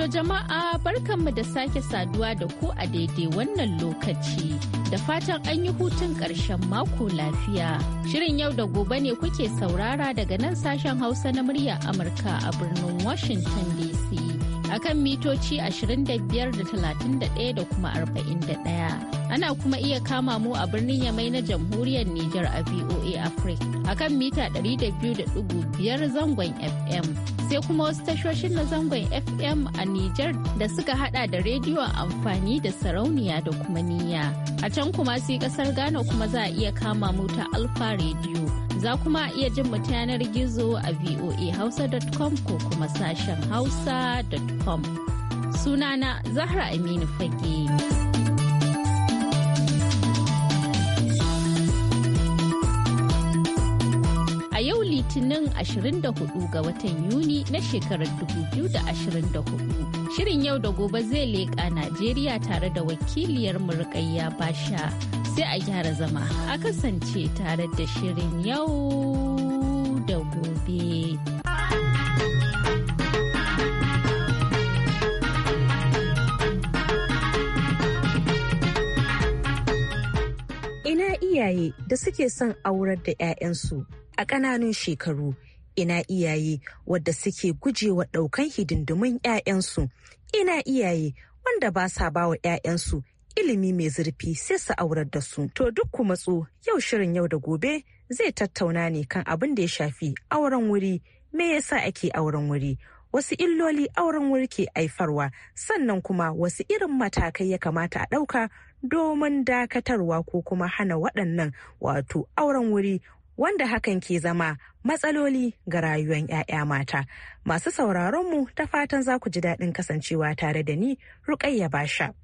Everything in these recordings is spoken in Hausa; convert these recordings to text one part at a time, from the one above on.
To jama'a barkanmu da sake saduwa da ku a daidai wannan lokaci. Da fatan an yi hutun ƙarshen mako lafiya. Shirin yau da gobe ne kuke saurara daga nan sashen Hausa na murya Amurka a birnin Washington DC. Akan mitoci 25 da 31 da kuma 41. Ana kuma iya kama mu a birnin Yamai na jamhuriyar Nijar a VOA Africa a kan mita 200.5 zangon FM. Sai kuma wasu tashoshin na zangon FM a Nijar da suka hada da rediyon amfani da sarauniya da kuma niyya. A can kuma sai kasar Ghana kuma za a iya kama mu ta Alfa Radio. Za kuma iya jin mu ta yanar gizo a voahausa.com ko kuma sashen hausa.com. Sunana Zahra Aminu Fage. litinin 24 ga watan yuni na shekarar 2024 shirin yau da gobe zai leƙa najeriya tare da wakiliyar murƙayya basha sai a gyara zama a kasance tare da shirin yau da gobe. iyaye da suke son aurar da 'ya'yansu a ƙananun shekaru ina iyaye wadda suke gujewa ɗaukan hidindimin 'ya'yansu ina iyaye wanda ba sa ba wa 'ya'yansu ilimi mai zurfi sai su aurar da su to duk ku matso yau shirin yau da gobe zai tattauna ne kan abin da ya shafi auren wuri me yasa ake auren wuri wasu illoli auren wuri ke aifarwa sannan kuma wasu irin matakai ya kamata a ɗauka domin dakatarwa ko kuma hana waɗannan wato auren wuri wanda hakan ke zama matsaloli ga rayuwar 'ya'ya mata. Masu sauraronmu ta fatan za ku ji daɗin kasancewa tare da ni Rukayya Basha.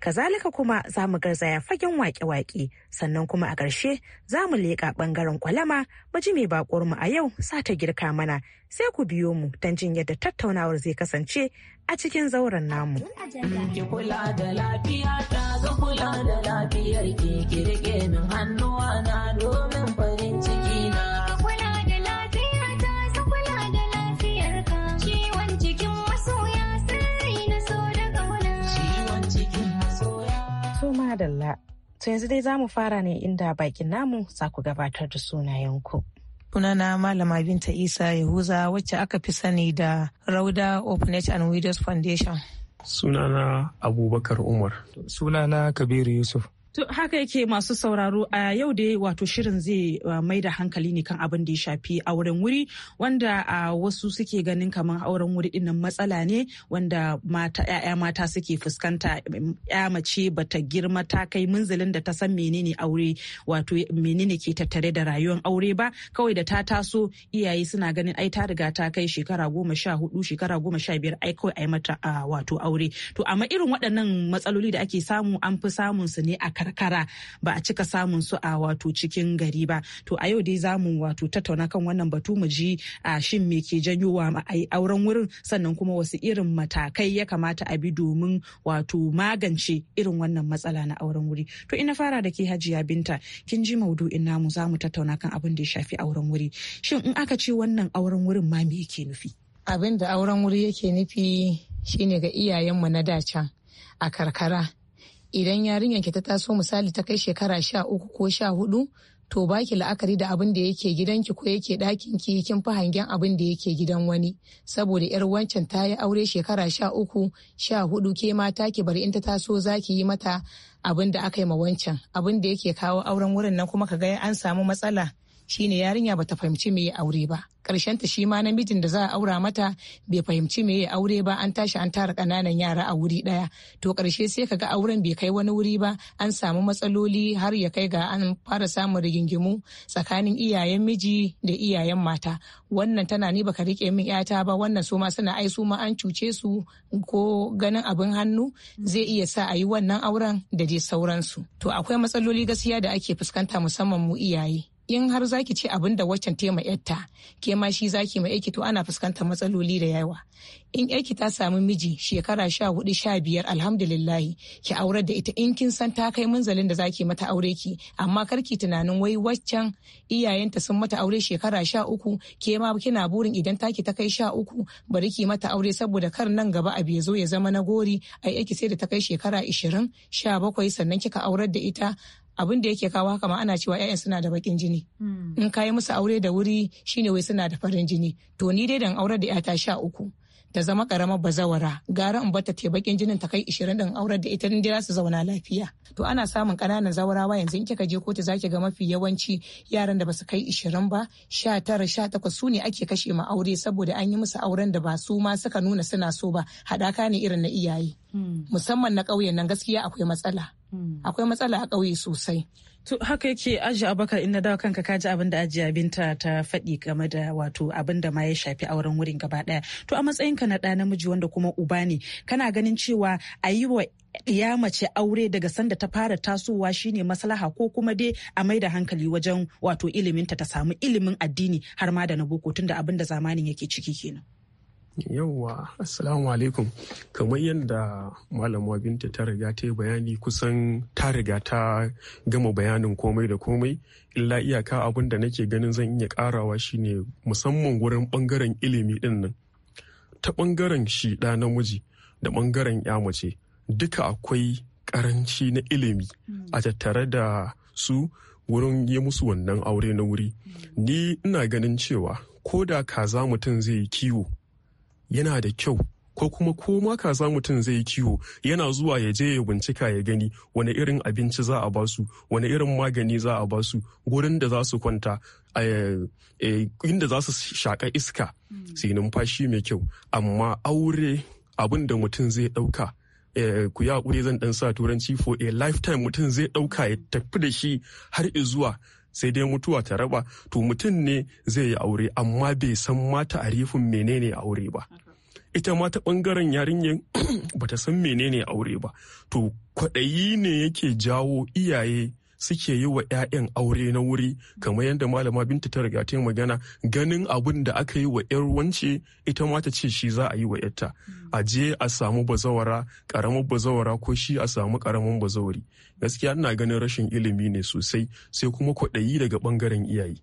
Kazalika kuma za mu garzaya fagen wake-wake sannan kuma a ƙarshe za mu leƙa ɓangaren kwalama baji ji mai mu a yau sa ta girka mana sai ku biyo mu don jin yadda tattaunawar zai kasance a cikin zauren namu. Ki kula da lafiya kula da lafiyar ki ki hannuwa na domin Dalla. To yanzu dai za mu fara ne inda bakin namu za ku gabatar da sunayenku. sunana malama binta isa yahuza wacce aka fi sani da rauda openage and widows foundation sunana abubakar umar sunana kabiru yusuf To haka yake masu sauraro a yau da wato shirin zai mai da hankali ne kan abin da ya shafi auren wuri wanda a wasu suke ganin kamar auren wuri dinnan matsala ne wanda mata ya'ya mata suke fuskanta ya mace bata girma ta kai munzalin da ta san menene aure wato menene ke tattare da rayuwar aure ba kawai da ta taso iyaye suna ganin ai ta riga ta kai shekara goma sha hudu shekara goma sha biyar ai kawai ai mata wato aure to amma irin waɗannan matsaloli da ake samu an fi samun su ne a karkara ba a cika samun su a wato cikin gari ba to a yau dai za mu wato tattauna kan wannan batu mu ji a shin me ke janyo wa auren wurin sannan kuma wasu irin matakai ya kamata a bi domin wato magance irin wannan matsala na auren wuri to ina fara da ke hajiya binta kin ji maudu'in namu za mu tattauna kan abin da ya shafi auren wuri shin in aka ce wannan auren wurin ma me yake nufi abin da auren wuri yake nufi shine ga iyayenmu na dacan a karkara idan yarinyar ki ta taso misali ta kai shekara sha uku ko sha hudu to baki la'akari da abin da yake gidanki ko yake ɗakin ki kin fi hangen abin da yake gidan wani saboda yar wancan ta yi aure shekara sha uku sha hudu ke mata ki bari in ta taso za ki yi mata abin da aka yi ma wancan abin da yake kawo auren wurin nan kuma ka ga an samu matsala shine yarinya ba ta fahimci me aure ba ta shi ma namijin da za a aura mata bai fahimci me aure ba an tashi an tara kananan yara a wuri daya to karshe sai kaga auren bai kai wani wuri ba an samu matsaloli har ya kai ga an fara samun rigingimu tsakanin iyayen miji da iyayen mata wannan tana ni baka rike min yata ba wannan su ma suna ai su ma an cuce su ko ganin abin hannu zai iya sa a yi wannan auren da dai sauransu to akwai matsaloli gaskiya da ake fuskanta musamman mu iyaye in har zaki ce abin da waccan tema yatta ke ma shi zaki ma aiki to ana fuskantar matsaloli da yawa in yaki ta samu miji shekara sha hudu sha biyar alhamdulillahi ki aure da ita in kin san ta kai munzalin da zaki mata aure ki amma kar ki tunanin wai waccan iyayenta sun mata aure shekara sha uku ke ma kina burin idan taki ta kai sha uku bari ki mata aure saboda kar nan gaba a zo ya zama na gori ai yaki sai da ta kai shekara ishirin sha bakwai sannan kika aurar da ita abin da yake kawo haka ma ana cewa 'ya'yan suna da bakin jini hmm. in kayi musu aure da wuri shine wai suna da farin jini to ni dai dan aure da 'yata sha uku ta zama karamar bazawara gara in bata te bakin jinin ta kai ishirin din aurar da ita dai su zauna lafiya to ana samun kananan zawarawa yanzu in kika je kotu zaki ga mafi yawanci yaran da basu kai ishirin ba sha tara sha takwas su ne ake kashe ma aure saboda an yi musu auren da ba su ma suka nuna suna so ba haɗaka ne irin na iyaye hmm. musamman na ƙauyen nan gaskiya akwai matsala Hmm. akwai matsala a ƙauye sosai To haka yake aji abakar in na kanka kaji abin da ajiya binta ta faɗi game da wato abin da ma ya shafi auren wurin gaba ɗaya. To a matsayinka na ɗa namiji wanda kuma uba ne kana ganin cewa a yi wa ya mace aure daga sanda ta fara tasowa shine maslaha ko kuma dai a mai da hankali wajen wato iliminta ta samu ilimin addini har ma da na boko tunda abin da zamanin yake ciki kenan. yauwa assalamu alaikum kamar yadda malama binta ta riga ta yi bayani kusan ta riga ta gama bayanin komai da komai illa iyaka abin da nake ganin zan iya karawa shine musamman wurin bangaren ilimi din nan ta bangaren shi da namiji da bangaren ya mace duka akwai karanci na ilimi a tattare da su wurin yi musu wannan aure na wuri ni ina ganin cewa ko da kaza mutum zai yi kiwo yana da kyau ko kuma ko ma kaza mutum zai kiwo yana zuwa ya je ya bincika ya gani wani irin abinci za a basu wani irin magani za a basu gurin da za su kwanta eh, eh, inda za su shaƙa iska mm. su numfashi mai kyau amma aure abin da mutum zai ɗauka eh, ku yi haƙuri zan ɗan sa turanci for a lifetime mutum zai ɗauka ya tafi da shi har zuwa sai dai mutuwa ta raba to mutum ne zai yi aure amma bai san mata ta'arifin menene aure ba. ita ma ta bangaren yarinyar ta san menene aure ba to kwaɗayi ne yake jawo iyaye suke yi wa 'ya'yan aure na wuri kamar yadda malama binta ta riga ta magana ganin abin da aka yi wa 'yar wance ita ma ta ce shi za a yi wa 'yarta a je a samu bazawara karamar bazawara ko shi a samu karamin bazawari gaskiya ina ganin rashin ilimi ne sosai sai kuma kwaɗayi daga bangaren iyaye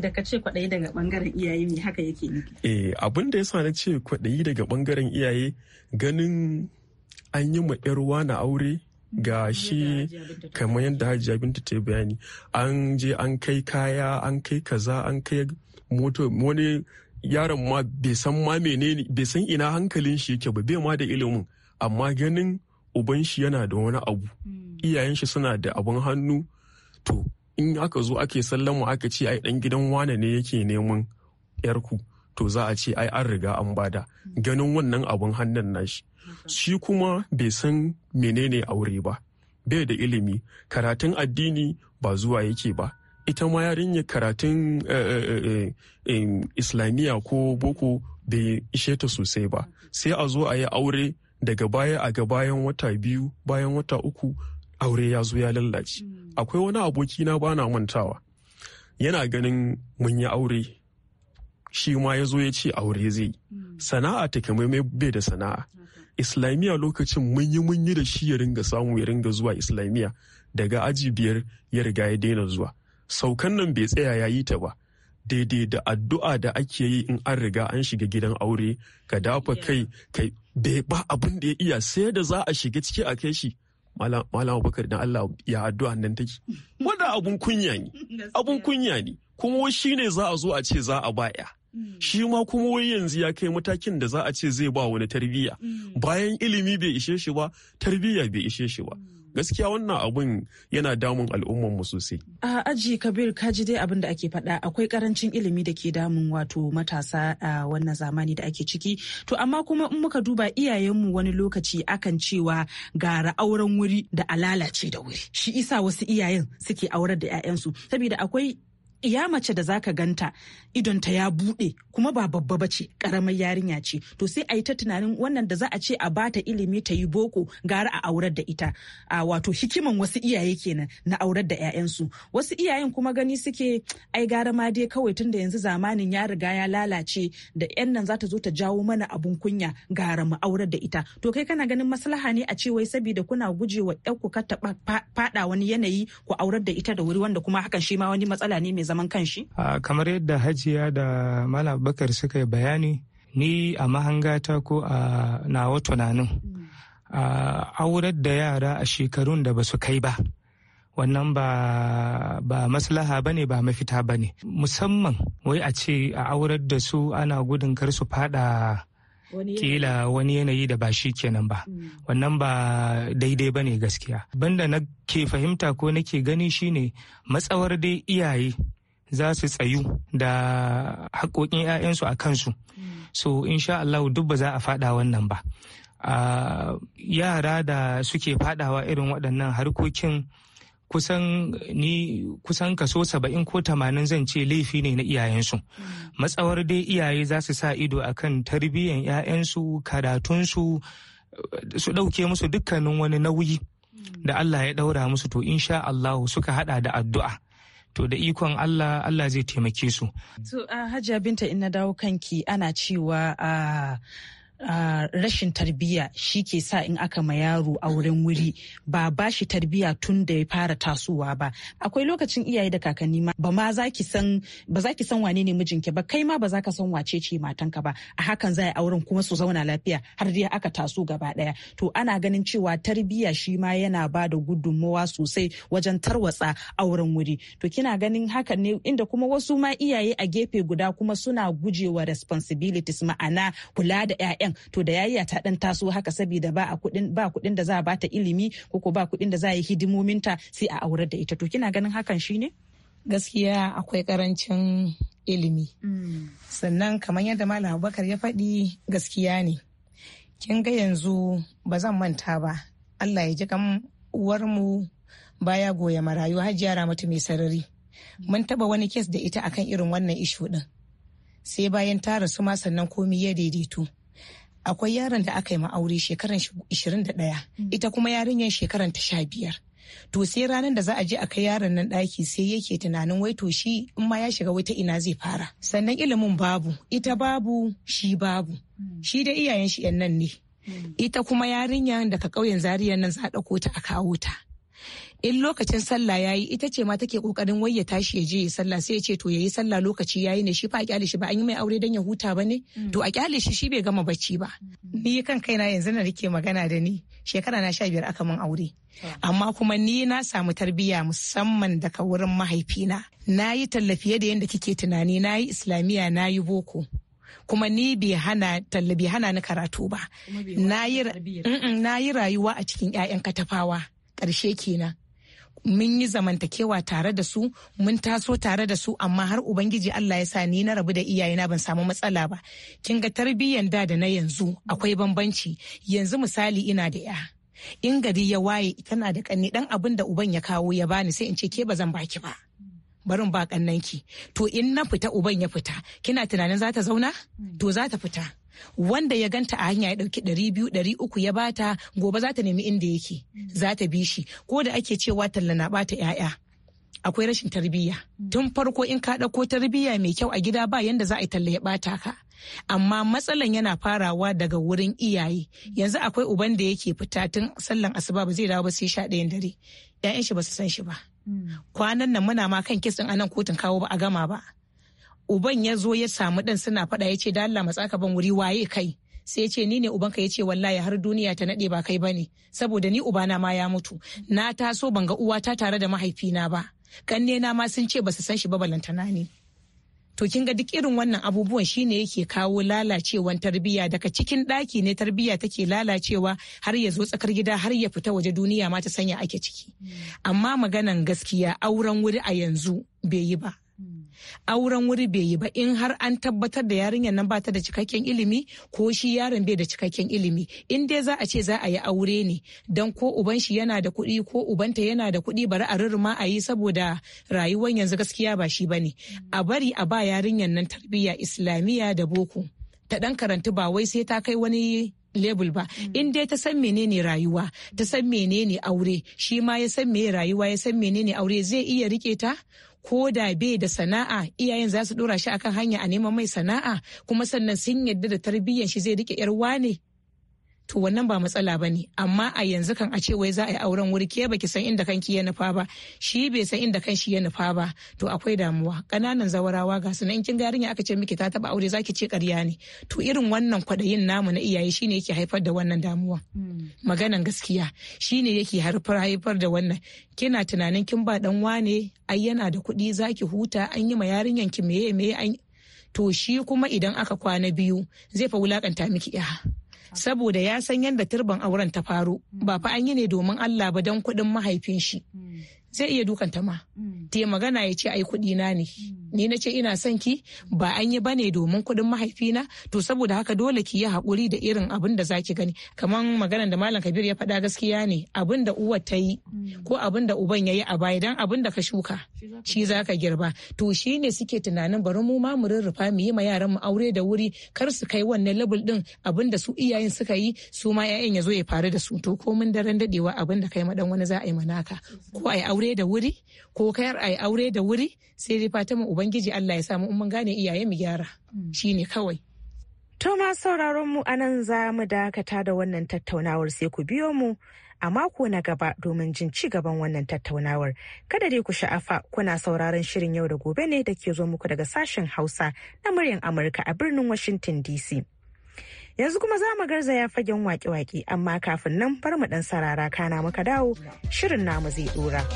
da ka ce kwaɗayi daga ɓangaren iyaye ne haka yake nufi eh abin da yasa na ce kwaɗayi daga ɓangaren iyaye ganin an yi ma yar na aure ga shi kamar yadda hajiya binta ta bayani an je an kai kaya an kai kaza an kai moto wani yaron ma bai san ma menene bai san ina hankalin shi yake ba bai ma da ilimin amma ganin uban shi yana da wani abu hmm. iyayen shi suna da abun hannu to in aka zo ake sallama aka ce ai dan gidan wane ne yake neman yarku to za a ce ai an riga an bada ganin wannan abun hannun nashi shi kuma bai san menene aure ba bai da ilimi karatun addini ba zuwa yake ba ita ma yarinyar karatun eh, eh, eh, islamiyya ko boko bai ishe ta sosai ba sai a zo a yi aure daga baya a ga bayan wata biyu bayan wata uku aure ya zo ya lallace hmm. akwai wani aboki na bana mantawa yana ganin mun yi aure shi ma ya zo ya ce aure zai hmm. sana'a ta takamaimai bai da sana'a islamiyya lokacin mun yi mun yi da shi ya ringa samu ya ringa zuwa islamiyya daga aji biyar ya riga ya daina zuwa saukan nan bai tsaya ya yi ta ba daidai da addu'a da ake yi in an riga an shiga gidan aure ka dafa kai kai bai ba abin da ya iya sai da za a shiga ciki a kai shi malam abubakar da allah ya addu'a nan take wanda abun kunya ne abun kunya ne kuma wai shi ne za a zo a ce za a baya mm. shi ma kuma wai yanzu ya kai matakin da za a ce zai ba wani tarbiyya mm. bayan ilimi bai ishe shi ba tarbiyya bai ishe shi ba mm. gaskiya wannan abun yana damun al'umman mu sosai a aji kabir ka ji dai abin da ake faɗa akwai karancin ilimi da ke damun wato matasa a wannan zamani da ake ciki to amma kuma in muka duba iyayenmu wani lokaci akan cewa gara auren wuri da alalace da wuri shi isa wasu iyayen suke aurar da 'ya'yansu saboda akwai iya mace da zaka ganta idonta ya bude kuma ba babba ba ce karamar yarinya ce to sai a yi ta tunanin wannan da za a ce a bata ilimi ta yi boko gara a aurar da ita a wato hikiman wasu iyaye kenan na aurar da 'ya'yansu wasu iyayen kuma gani suke ai gara ma dai kawai tunda yanzu zamanin ya riga ya lalace da 'yan nan za ta zo ta jawo mana abun kunya gara mu aurar da ita to kai kana ganin maslaha ne a ce wai saboda kuna gujewa ku ka taɓa faɗa wani yanayi ku aurar da ita da wuri wanda kuma hakan shi ma wani matsala ne mai zaman kanshi? Kamar yadda Hajiya da Malam Bakar suka yi bayani, ni a mahangata ko a nawa tunanin. Mm. Aurar da yara a shekarun da ba su kai ba. wannan ba ba maslaha ba ne ba mafita ba ne musamman wai a ce a aurar da su ana gudun kar su fada kila wani yanayi da ba shi kenan ba mm. wannan ba daidai ba ne gaskiya banda na ke fahimta ko nake gani shine matsawar dai iyaye za su tsayu da haƙoƙin 'ya'yansu a kansu mm. so insha Allah duk ba za a faɗa wannan ba yara da suke faɗawa irin waɗannan harkokin kusan ni kusan kaso saba'in ko tamanin zan ce laifi ne na iyayensu mm. matsawar dai iyaye za su sa ido a kan tarbiyyar 'ya'yansu karatunsu su ɗauke musu dukkanin wani nauyi mm. da Allah ya ɗaura musu to insha Allah suka haɗa da addu'a to da ikon Allah Allah zai taimake su. To Hajiya Binta in na dawo kanki ana cewa a ah, Uh, rashin tarbiyya shi ke sa in aka ma yaro a wurin wuri ba ba shi tarbiyya tun da ya fara tasowa ba akwai lokacin iyaye da kakanni ma ba ma san ba za ki san wane ne mijinki ba kai ma ba za ka san wace ce matanka ba a hakan za a auren kuma su zauna lafiya har dai aka taso gaba daya to ana ganin cewa tarbiyya shi ma yana ba da gudummawa sosai wajen tarwatsa auren wuri to kina ganin hakan ne inda kuma wasu ma iyaye a gefe guda kuma suna gujewa responsibilities ma'ana kula da 'ya'yan to da yayya ta ɗan taso haka saboda ba a kudin ba kudin da za a bata ilimi ko ko ba kuɗin da za a yi ta sai a aurar da ita to kina ganin hakan shine gaskiya akwai karancin ilimi mm. sannan kamar yadda malam abubakar ya faɗi gaskiya ne kin ga yanzu ba zan manta ba allah ya ji kan uwarmu baya goya marayu hajiya ramatu mai sarari mun taba wani kes da ita akan irin wannan ishu din sai bayan ta rasu ma sannan komi ya daidaito akwai yaron da aka yi ma'aure shekaran 21 hmm. ita kuma yarinyar shekaran ta sha biyar to sai ranar da za a je a kai yaron nan ɗaki sai yake tunanin wai to shi in ma ya shiga wata ina zai fara sannan ilimin babu ita babu shi babu hmm. shi da iyayen shi yan nan ne hmm. ita kuma yarinyar daga ƙauyen zariyar nan za a ɗauko ta a kawo ta in lokacin sallah yayi ita ce ma take kokarin wai ya tashi ya je ya sallah sai ya ce to yayi sallah lokaci yayi ne shi fa a kyale shi ba an yi mai aure dan ya huta ba ne mm. to a kyale shi shi bai gama bacci ba mm. ni kan kaina yanzu na rike magana da ni shekara na sha biyar aka min aure amma kuma ni na samu tarbiyya musamman daga wurin mahaifina na yi tallafiye da yadda kike tunani na yi islamiyya na yi boko kuma ni bai hana tallabi hana ni karatu ba na yi rayuwa a cikin 'ya'yan katafawa ƙarshe kenan mun yi zamantakewa tare da su mun taso tare da su amma har ubangiji Allah ya sa ni na rabu da iyayena ban samu matsala ba kin ga tarbiyyan da da na yanzu akwai bambanci yanzu misali ina da ya in gari ya waye tana da kanni dan abin da uban ya kawo ya bani sai in ce ke ba zan baki ba barin ba kannanki to in na fita uban ya fita kina tunanin za ta zauna to za ta fita wanda ya ganta a hanya ya dauki ɗari biyu ɗari uku ya bata gobe za ta nemi inda yake za ta bi shi ko da ake cewa talla na bata 'ya'ya akwai rashin tarbiyya tun farko in ka ɗauko tarbiyya mai kyau a gida ba yanda za a yi talla ya ɓata ka amma matsalan yana farawa daga wurin iyaye yanzu akwai uban da yake fita tun sallan asuba ba zai dawo ba sai sha ɗayan dare Ƴaƴan shi ba su san shi ba hmm. kwanan nan muna ma kan a nan kotun kawo ba a gama ba uban ya zo ya samu ɗan suna faɗa ya ce da Allah matsaka ban wuri waye kai sai ya ce ni ne ubanka ya ce wallahi har duniya ta naɗe ba kai bane saboda ni ubana ma ya mutu na taso ban ga uwata tare da mahaifina ba kanne na ma sun ce ba su san shi ba balantana ne to kin ga duk irin wannan abubuwan shine yake kawo lalacewan tarbiyya daga cikin ɗaki ne tarbiyya take lalacewa har ya zo tsakar gida har ya fita waje duniya ma ta sanya ake ciki amma maganan gaskiya auren wuri a yanzu bai yi ba auren wuri bai yi ba in har an tabbatar da yarinyar nan bata da cikakken ilimi ko shi yaron bai da cikakken ilimi in dai za a ce za a yi aure ne don ko uban shi yana da kuɗi ko ubanta yana da kuɗi bari a rurruma a yi saboda rayuwar yanzu gaskiya ba shi bane a bari a ba yarinyar nan tarbiyya islamiyya da boko ta ɗan karantu ba wai sai ta kai wani label ba mm. in dai ta san menene rayuwa ta san menene aure shi ma ya san meye rayuwa ya san menene aure zai iya rike ta ko da bai da sana'a iyayen za su dora shi akan hanya a neman mai sana'a kuma sannan sun yadda da tarbiyyar shi zai rike yar wane to wannan ba matsala ba amma a yanzu kan a ce wai za a yi auren wuri ke baki san inda kanki ya nufa ba shi bai san inda kanshi ya nufa ba to akwai damuwa ƙananan zawarawa ga sunan in ga yarinya aka ce miki ta taba aure zaki ce ƙarya ne to irin wannan kwadayin namu na iyaye shine yake haifar da wannan damuwa hmm. maganan gaskiya shine yake harfar haifar da wannan kina tunanin kin ba dan wane ai yana da kuɗi zaki huta an yi ma yarinyan ki meye meye to shi kuma idan aka kwana biyu zai fa wulakanta miki ya saboda ya san yadda turban auren ta faru ba fa an yi ne domin Allah ba don kuɗin mahaifin shi zai iya dukan ta ma te magana ya ce ai kuɗi na ne ni na ce ina son ki ba an yi bane domin kuɗin mahaifina to saboda haka dole ki yi haƙuri da irin abin da zaki gani kamar maganar da malam kabir ya faɗa gaskiya ne abin da uwar ta yi ko abin da uban ya yi a baya dan abin da ka shuka shi za ka girba to shi ne suke tunanin bari mu ma mu rurrufa mu yi ma yaran mu aure da wuri kar su kai wannan level din abin da su iyayen suka yi su ma yayan ya zo ya faru da su to ko mun daren dadewa abin da kai madan wani za a yi manaka ko ai aure da wuri ko kayar ai aure da wuri sai dai fatima ubangiji Allah ya samu in mun gane iyaye mu gyara hmm. shi ne kawai To sauraron mu anan za mu dakata da wannan tattaunawar sai ku biyo mu a mako na gaba domin jin ci gaban wannan tattaunawar. Kada dai ku sha'afa kuna sauraron shirin yau da gobe ne da ke zo muku daga sashen Hausa na muryar Amurka a birnin Washington DC. Yanzu kuma za mu ya fagen waƙe-waƙe amma kafin nan bar mu ɗan sarara kana muka dawo shirin namu zai ɗora.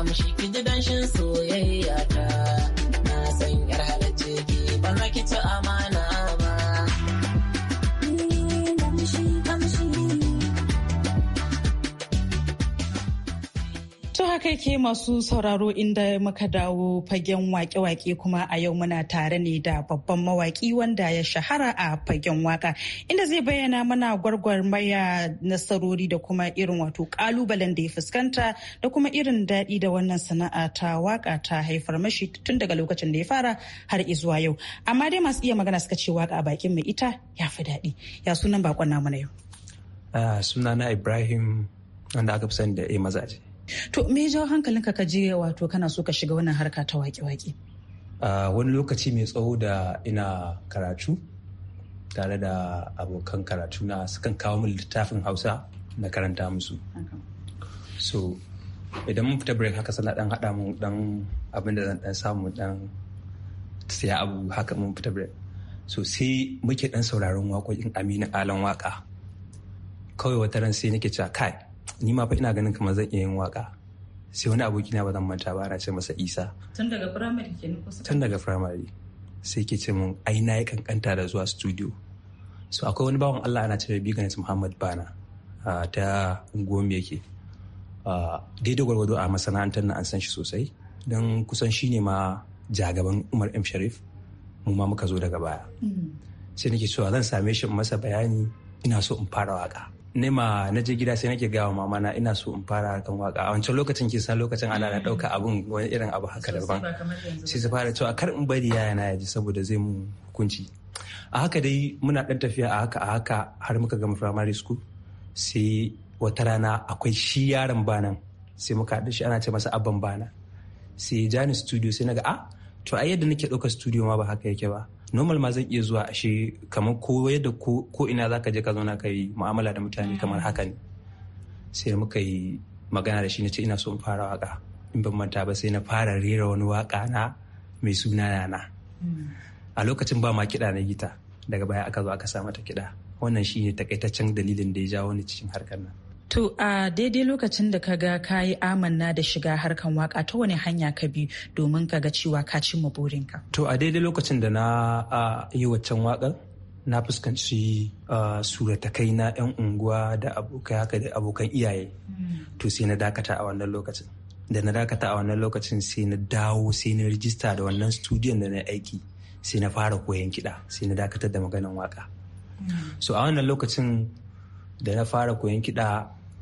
Kamshi ki ji danshin soyayya ta haka masu sauraro inda muka dawo fagen wake-wake kuma a yau muna tare ne da babban mawaki wanda ya shahara a fagen waka inda zai bayyana mana gwargwarmaya nasarori da kuma irin wato kalubalen da ya fuskanta da kuma irin daɗi da wannan sana'a ta waka ta haifar mashi tun daga lokacin da ya fara har izuwa yau amma dai masu iya magana suka ce waka a bakin mai ita ya fi daɗi ya sunan bakon namu na yau ah, sunana ibrahim wanda aka fi sani da a mazaje To me jawo hankalinka ka je wato kana so ka shiga wannan harka ta waƙe-waƙe? wani lokaci mai tsawo da ina karatu tare da abokan karatu na sukan kawo min littafin hausa na karanta musu. So idan mun fita break haka sana dan haɗa mun dan abin da zan dan samu dan siya abu haka mun fita break. So sai muke dan sauraron waƙoƙin Aminu Alan waka. Kawai wata ran sai nake cewa kai ni ma fa ina ganin kamar zan iya yin waka sai wani abokina na ba zan manta ba ana ce masa isa tun daga firamare ke kusa tun daga firamare sai ke ce mun ai na yi kankanta da zuwa studio so akwai wani bawan Allah ana ce mai biganis Muhammad Bana ta Gombe yake daidai gwargwado a masana'antar na an san shi sosai don kusan shi ne ma jagaban Umar M Sharif mu ma muka zo daga baya mm-hmm. sai nake cewa zan same shi masa bayani ina so in fara waka nema na je gida sai nake gawa mama na ina so in fara harkan waka a wancan lokacin ke san lokacin ana na dauka mm. abun wani irin abu haka daban sai su fara cewa kar in bari yaya na yaji saboda zai mu hukunci a haka dai muna dan tafiya a haka a haka har muka gama primary school sai wata rana akwai shi yaron banan sai muka haɗu shi ana ce masa abban bana sai ya ja ni studio sai naga a ah, to a yadda nake ɗauka studio ma ba haka yake ba normal ma zan iya zuwa ashe kamar ko yadda ko ina za ka je ka zauna ka yi mu'amala da mutane mm. kamar haka ne sai muka yi magana da shi na ce ina so in fara waka in ban manta ba sai na fara rera wani waka na mai suna na mm. a lokacin ba ma kiɗa na gita daga baya aka zo aka sa mata kiɗa wannan shi ne takaitaccen dalilin da ya jawo ni cikin harkar nan To a daidai lokacin da ka ga ka yi amanna da shiga harkan waka ta wani hanya ka bi domin ka ga cewa ka cimma burinka? To a daidai lokacin da na yi waccan wakar na fuskanci suratakai na 'yan unguwa da abokai haka da abokan iyaye. Mm. To sai na dakata a wannan lokacin. Da na dakata a wannan lokacin sai na dawo sai na rijista da wannan studiyon da na aiki sai na fara koyon kiɗa sai na dakatar da maganin waka. Mm. So a wannan lokacin da na fara koyon kiɗa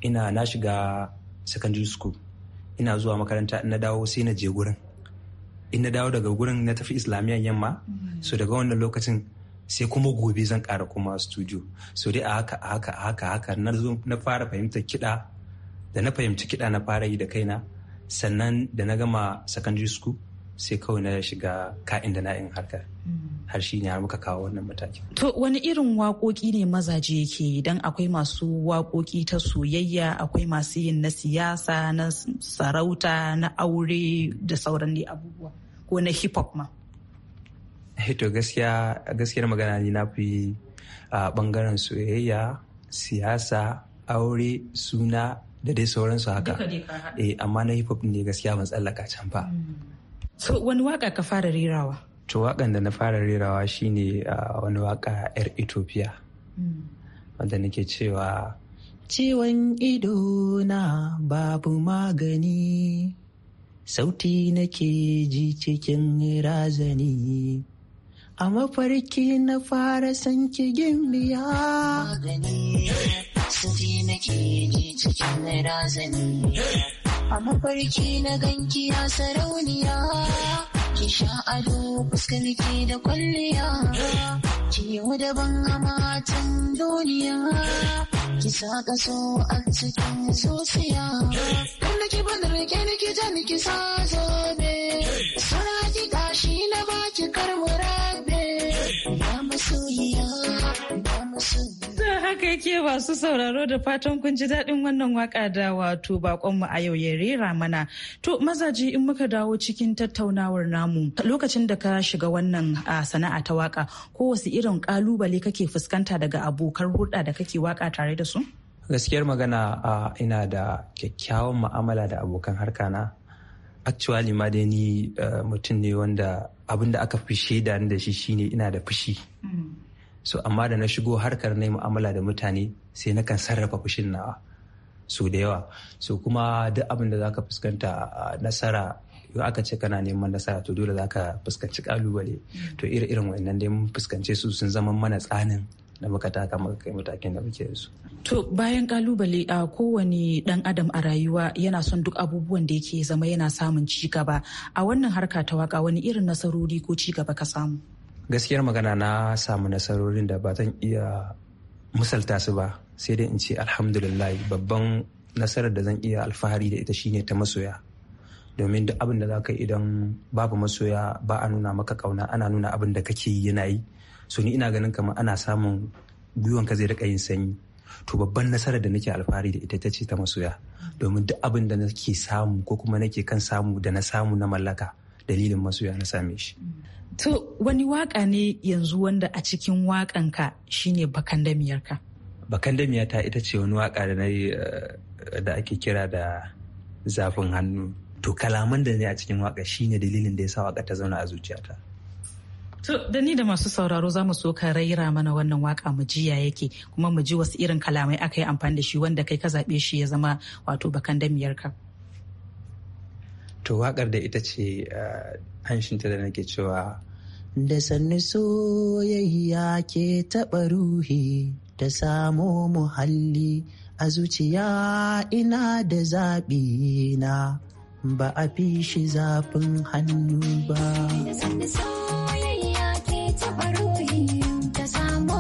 ina na shiga secondary school ina zuwa makaranta na dawo sai na je gurin in na dawo daga gurin na tafi islamiyan yamma mm-hmm. so daga wannan lokacin sai kuma gobe zan kara kuma studio so dai a haka a haka a haka haka na fara fahimtar kiɗa da na fahimci kiɗa na fara yi da kaina sannan da na gama secondary school sai kawai na shiga ka'in da na'in harkar mm. har shi ne har muka kawo wannan matakin. To wani irin waƙoƙi ne mazaje yake yi akwai masu waƙoƙi ta soyayya akwai masu yin na siyasa na sarauta na aure da sauran ne abubuwa ko na hip hop ma. Eh, to gaskiya gaskiyar magana ne na fi a bangaren soyayya siyasa aure suna da dai sauransu haka eh amma na hip hop ne gaskiya ban tsallaka can ba mm. So wani waka ka fara rerawa? To wakan da na fara rerawa shine uh, wani waka 'yar Ethiopia. Wanda nake cewa Ciwon ido na babu magani, sauti nake ji cikin razani. A mafarki na fara san kigin biya. Magani, sauti nake ji cikin razani. A mafarki na ganki ya sarauniya. ki sha ado fuskar da kwalliya ki yau daban a matan duniya ki sa kaso a cikin zuciya kan ki bandar ke ki ja ki sa zobe haka yake masu sauraro da fatan kun ji daɗin wannan waka da wato bakonmu a yau ya rera mana. To mazaji in muka dawo cikin tattaunawar namu lokacin da ka shiga wannan sana'a ta waka ko wasu irin kalubale kake fuskanta daga abokan hulɗa da kake waka tare da su? Gaskiyar magana ina da kyakkyawan mu'amala da abokan harka na. Actually ma dai ni eh, mutum ne wanda abin da aka fi shaida da shi shine ina da fushi. Mm. so amma da na shigo harkar na mu'amala da mutane sai na kan sarrafa fushin nawa su da yawa so kuma duk abin da za ka fuskanta nasara yau aka ce kana neman nasara to dole za ka fuskanci kalubale to irin wa'annan dai mun fuskance su sun zama mana tsanin da muka taka kai matakin da muke su. To bayan kalubale a kowane dan adam a rayuwa yana son duk abubuwan da yake zama yana samun ci gaba a wannan harka ta waka wani irin nasarori ko ci gaba ka samu. gaskiyar magana na samu nasarorin da ba zan iya misalta su ba sai dai in ce alhamdulillah babban nasarar da zan iya alfahari da ita shine ta masoya domin duk abin da za ka idan babu masoya ba a nuna maka kauna ana nuna abin da kake yi yana yi so ni ina ganin kamar ana samun gwiwan ka zai rika yin sanyi to babban nasarar da nake alfahari da ita ta ce ta masoya domin duk abin da nake samu ko kuma nake kan samu da na samu na mallaka dalilin masoya na same shi To wani waka ne yanzu wanda a cikin wakanka shine bakandamiyarka? ta ita ce wani waka da eh, da ake kira da zafin hannu. To kalaman da ne a cikin waka shine dalilin da ya sa waka ta zauna a zuciyata. To da ni da masu sauraro za mu so ka raira mana wannan waka mu ji ya yake kuma mu ji wasu irin kalamai aka yi amfani da shi wanda kai ka zaɓe shi ya zama wato bakandamiyarka. To wakar da ita ce eh, hanshinta da nake cewa da sannu soyayya ke taɓa ruhi da samo muhalli a zuciya ina da zaɓi na ba a fi shi zafin hannu ba. Da taɓa ruhi ta samo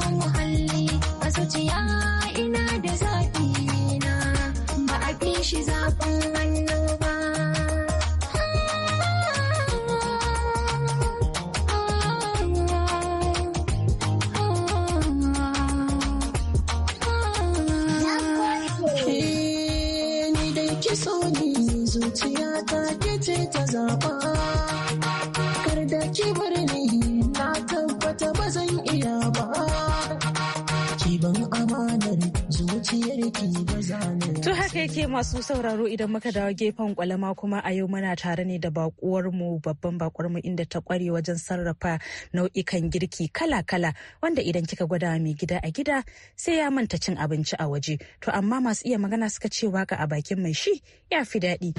masu sauraro idan muka dawo gefen kwalama kuma a yau muna tare ne da bakuwar mu babban mu inda ta kware wajen sarrafa nau'ikan girki kala-kala wanda idan kika gwada mai gida a gida sai ya manta cin abinci a waje to amma masu iya magana suka ce waka a bakin mai shi ya fi daɗi.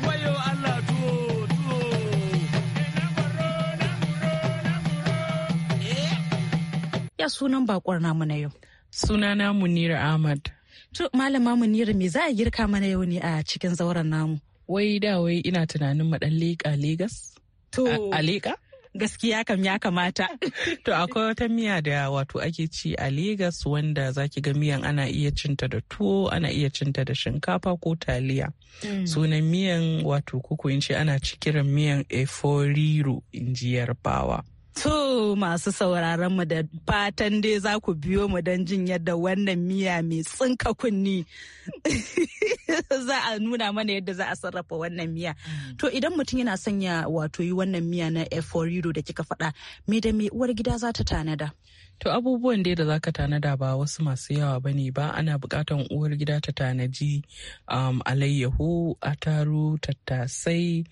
Ya sunan bakwar namu na yau. Sunana Munira Ahmad. To malama Munira me za a girka mana yau ne a cikin zauren namu? Wai da wai ina tunanin maɗan leka Legas? To. A Leka? gaskiya kam ya kamata. to akwai wata miya da wato ake ci a Legas wanda zaki ga miyan ana iya cinta da tuwo ana iya cinta da shinkafa ko taliya. Mm. Sunan miyan wato kuku in ce ana cikiran miyan eforiro injiyar Bawa. To masu sauraron mu da fatan dai za ku biyo mu don jin yadda wannan miya mai tsinka kunni za a nuna mana yadda za a sarrafa wannan miya mm. to idan mutum yana sanya wato yi wannan miya na eforido da kika faɗa me da me uwar gida za ta tanada to abubuwan dai da za ka tanada ba wasu masu yawa ba ne ba ana bukatan uwar gida ta tanaji um, alayyahu ataru tattasai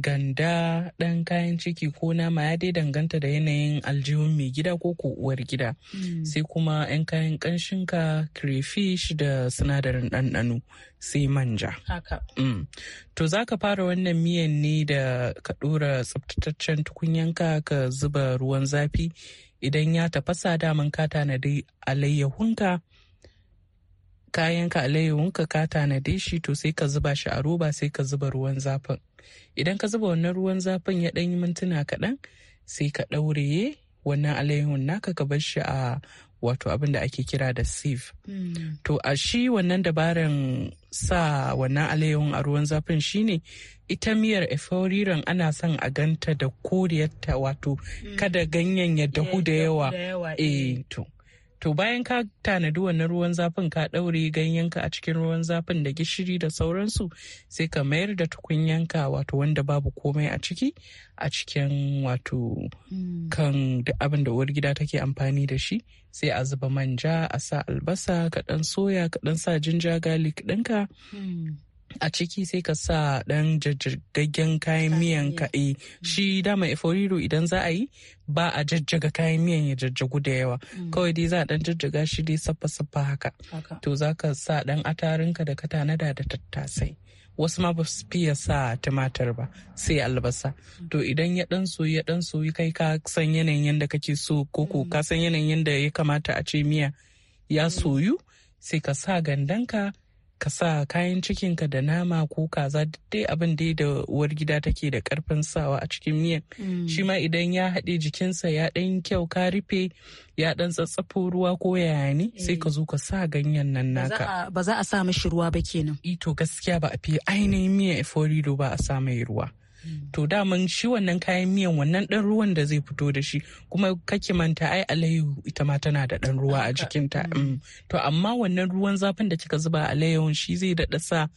ganda ɗan kayan ciki ko nama ya dai danganta da yanayin aljihun mai gida ko ko uwar gida mm. sai kuma 'yan kayan ƙanshinka crayfish da sinadarin ɗanɗano sai man Haka. Mm. To za ka fara wannan miyan ne da ka ɗora tsaftataccen tukunyanka ka zuba ruwan zafi idan ya tafasa daman ka tanadi alayyahunka kayanka alayyahunka ka tanade shi to sai ka zuba shi a roba sai ka zuba ruwan zafin. Idan ka zuba wannan ruwan zafin ya ɗan yi mintuna kaɗan sai ka ɗaure wannan alayyahun naka ka bar shi a wato abin da ake kira da sieve hmm. to a shi wannan dabaran sa wannan alayyahun a ruwan zafin shine ita miyar eforiran ana son a ganta da koriyarta wato hmm. kada ganyen ya dahu da yawa eh, eh. to To bayan ka tanadi wannan ruwan zafin ka ɗaure ganyenka a cikin ruwan zafin da gishiri da sauransu sai ka mayar da tukunyanka wato wanda babu komai a ciki a cikin wato mm. kan abin da uwar gida take amfani da shi sai a zuba manja a sa albasa ka ɗan soya ka ɗan sa jinja garlic ɗinka mm. a ciki sai ka sa ɗan jajjagaggen kayan miyan ka e shi dama eforiro idan za a yi ba a jajjaga kayan miyan ya jajjagu da yawa mm. kawai dai za a ɗan jajjaga shi dai saffa saffa haka to za ka sa ɗan atarinka da ka tanada da tattasai wasu ma ba su fiye sa tumatir ba sai albasa mm. to idan ya dan soyi ya dan soyi kai ka san yanayin yadda kake so koko ka san yanayin yadda ya kamata a ce miya ya soyu sai ka sa gandanka ka sa kayan cikinka da nama ko kaza dai abin dai da uwar gida take da karfin sawa a cikin miyan mm. shi ma idan ya haɗe jikinsa ya ɗan kyau ka rufe ya ɗan tsatsafo ruwa ko yaya ne sai ka eh. zo ka sa ganyen nan naka ba za a sa mashi ruwa ba kenan ito gaskiya ba a fi ainihin miyan eforido ba a sa mai ruwa to daman shi wannan kayan miyan wannan ɗan ruwan da zai fito da shi kuma kake manta ai alayyu ita ma tana da ɗan ruwa a jikinta mm. Mm. to amma wannan ruwan zafin da kika zuba alayyahun shi zai daɗa sa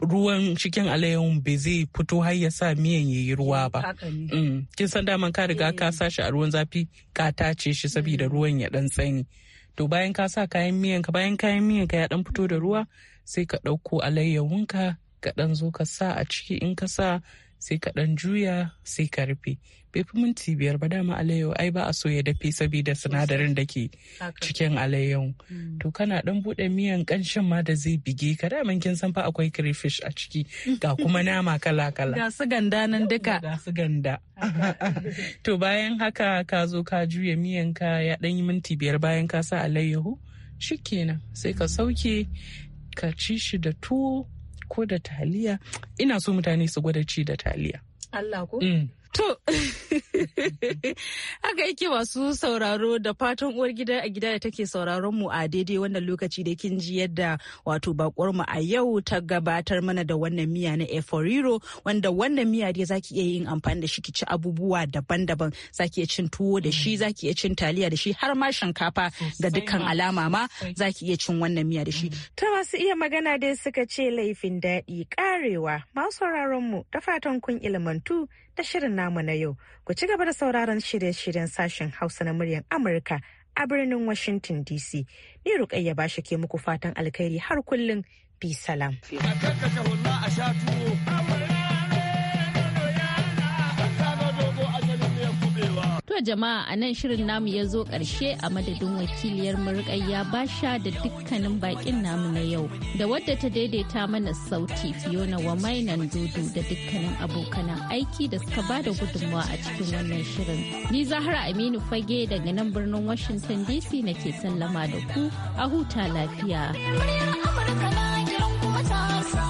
ruwan cikin alayyun bai zai fito har ya sa miyan yayi ruwa ba. Mm. Kin san daman ka riga ka eh. sa shi a ruwan zafi ka tace shi saboda ruwan ya dan tsani. To bayan ka sa kayan miyan ka bayan kayan miyan ka ya dan fito da ruwa sai ka ɗauko alayyahunka ka dan zo ka sa a ciki in ka sa sai ka dan juya sai ka rufe bai fi minti biyar ba dama alayyo ai ba a so ya dafe saboda sinadarin da ke cikin alayyahu hmm. to kana dan bude miyan kanshin ma da zai bige ka daman kin san fa akwai crayfish a ciki ga kuma nama kala kala ga su ganda nan duka ga su ganda to bayan haka ka zo ka juya miyan ka ya dan yi minti biyar bayan ka sa alayyahu shikenan sai ka sauke ka ci shi da tuwo ko da taliya ina so mutane su gwada ci da taliya Allah ko? Mm. To, haka yake masu sauraro da fatan uwar gida a gida da take sauraron mu a daidai wannan lokaci da kin ji yadda wato bakwar mu a yau ta gabatar mana da wannan miya na eforiro wanda wannan miya dai zaki iya yin amfani da shi ki ci abubuwa daban-daban zaki iya cin tuwo da shi mm. zaki iya cin taliya da shi har ma shinkafa ga dukkan alama ma zaki iya cin wannan miya da shi. Mm. Ta masu iya magana dai suka ce laifin daɗi karewa masu sauraron mu da fatan kun ilmantu da shirin namu na yau. Ku ci gaba da sauraron shirye-shiryen sashen Hausa na muryar Amurka a birnin Washington DC. Ni Rukayya bashi ke muku fatan alkhairi har kullum. Bi salam. To jama'a a nan shirin namu ya zo ƙarshe a madadin wakiliyar murƙayya basha da dukkanin baƙin namu na yau da wadda ta daidaita mana sauti Fiona Wamainan Dudu da dukkanin abokanan aiki da suka ba da gudunmawa a cikin wannan shirin. Ni Zahra Aminu Fage daga nan birnin Washington DC na ke sallama da ku a huta lafiya. Amurka na kuma ta